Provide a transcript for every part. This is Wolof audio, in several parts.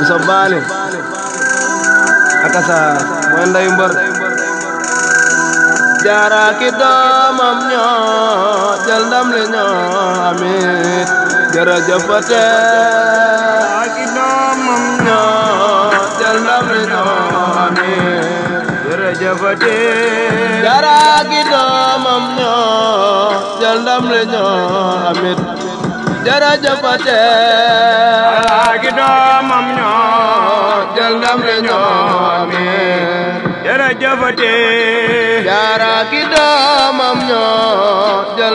Musa Baale aka saar mooy ndeyu mbër jaara ki doomam ñoo jël ndam li ñoo amit jërëjëfate jaara ki doomam ñoo jël ndam li ñoo amit jërëjëfate jaara ki doomam ñoo jël ndam li ñoo amit jërëjëfate alaagi doomam ñoo jël ndam re ñoo amin jërëjëfate alaagi doomam ñoo jël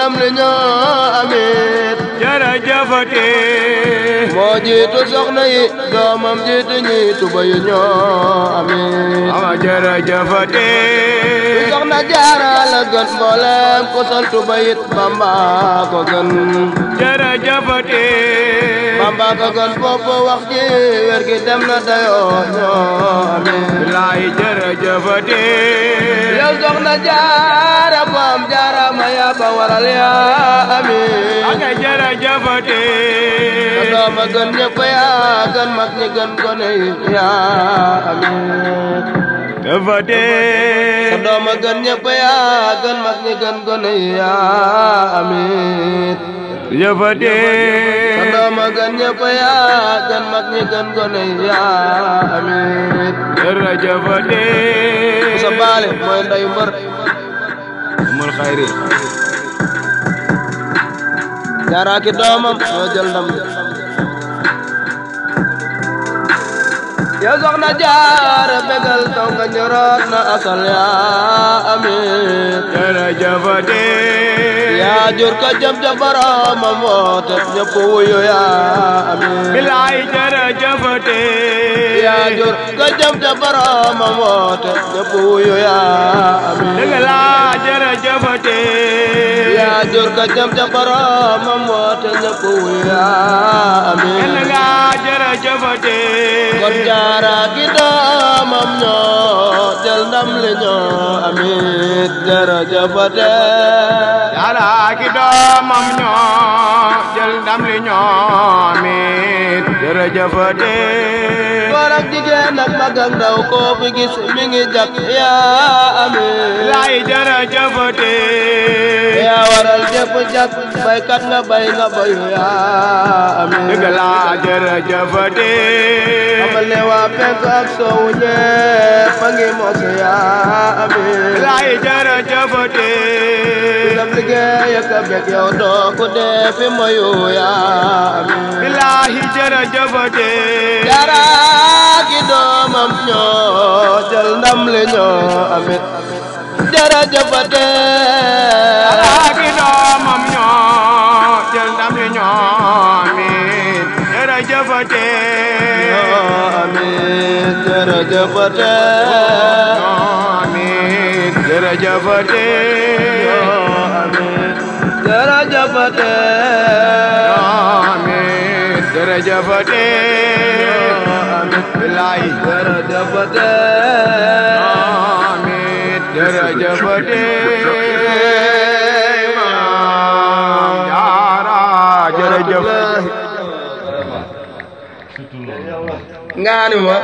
ndam le ñoo jël jafate moo jiitu soxna yi doomam jiitu ñi tuba yu ñoo amiin ama jara jafate soxna jaara la gën mboolem ko sol tuba yit bamba ko gën jara jafate bamba ko gën boobu wax ji wér gi dem na dayoo ñoo amiin bilaay jara jafate yow soxna jaara yaa ko waral yaa amiin. ak jërëjëfate. doo ma gën ñëpp yaa gën mag ñi gën gone yi yaa amiin. jëfate. doo ma gën ñëpp yaa gën mag ñi gën yaa amiin. jëfate. doo ma gën ñëpp baale mooy ndeyu mbër. umul xayri jaaraaki doomam moo jël ndam yow soxna jaara begal taw nga ñoroot na asal yaa amiin dara jafate जोर का जब जब राम मौत जब होया मिलाई जर जब टे या जोर का जब जब राम मौत जब होया लगला जर जब टे या जोर का जब जब राम मौत जब होया लगला जर जब टे कर की दाम हम नो जल दम ले जो अमित जर जब टे Talla ki doomam ñoo jël ndam li ñoomit jërëjëf de góor ak jigéen ak mag ak ndaw koo fi gis mi ngi jag yaa ame laay jërëjëf de yaa waral jëpp jag baykat nga bay nga bay yaa ame dëgg laa jërëjëf de xamal ne waa penk ak soowu ñëpp a ngi mos yaa ame laay jërëjëf de sam liggéey ak a bég yow doo ko dee fi mayu yaa ame jëfate jaraat gi doomam ñoo jël ndam li ñoo amit jara jëfate jaraat gi doomam ñoo jël ndam li ñoo amit jara jëfate ñoo amit jara jëfate ñoo amit jara jëfate ñoo amit jara jëfate jërëjëfate amit bilaay jërëjëfate amit jërëjëfate maam jaara jërëjëf nga ni ma